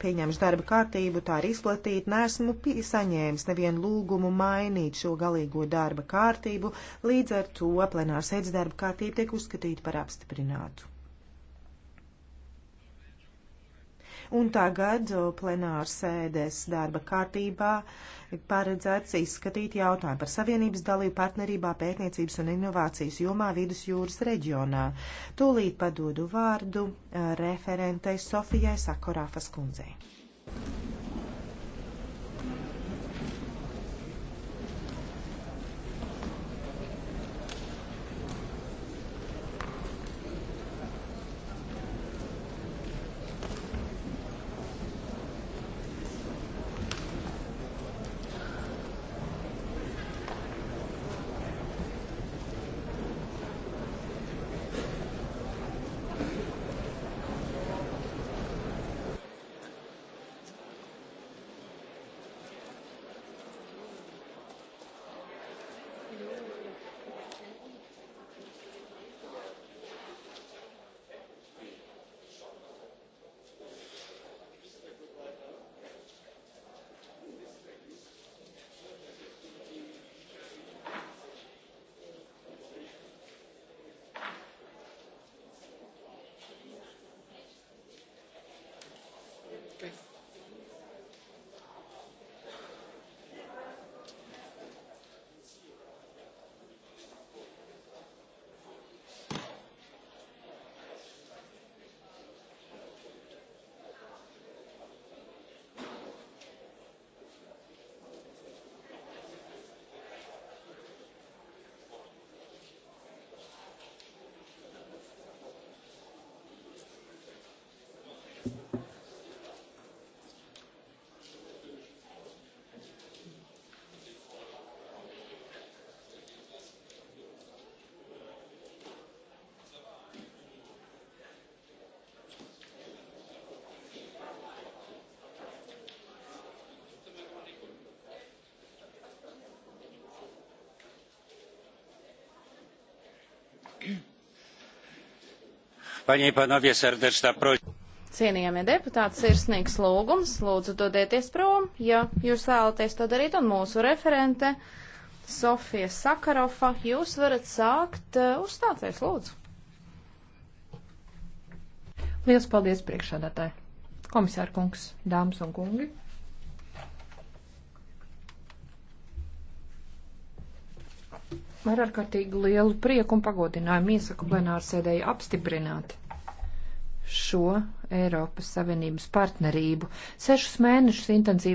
pieņemšu darba kārtību, tā ir izplatīta, nesmu saņēmis nevienu lūgumu mainīt šo galīgo darba kārtību, līdz ar to plenārsēdes darba kārtība tiek uzskatīta par apstiprinātu. Un tagad plenāra sēdes darba kārtībā paredzēts izskatīt jautājumu par Savienības dalību partnerībā pētniecības un inovācijas jomā vidusjūras reģionā. Tūlīt padodu vārdu referentei Sofijai Sakorāfas kundzei. Cienījamie deputāti, sirsnīgs lūgums, lūdzu dodieties prom, ja jūs vēlaties to darīt, un mūsu referente Sofija Sakarofa, jūs varat sākt uh, uzstāties, lūdzu. Lielas paldies priekšādātāji. Komisāra kungs, dāmas un kungi. Ar ārkārtīgi lielu prieku un pagodinājumu iesaku plenārsēdēju apstiprināt šo Eiropas Savienības partnerību. Sešus mēnešus intensīvi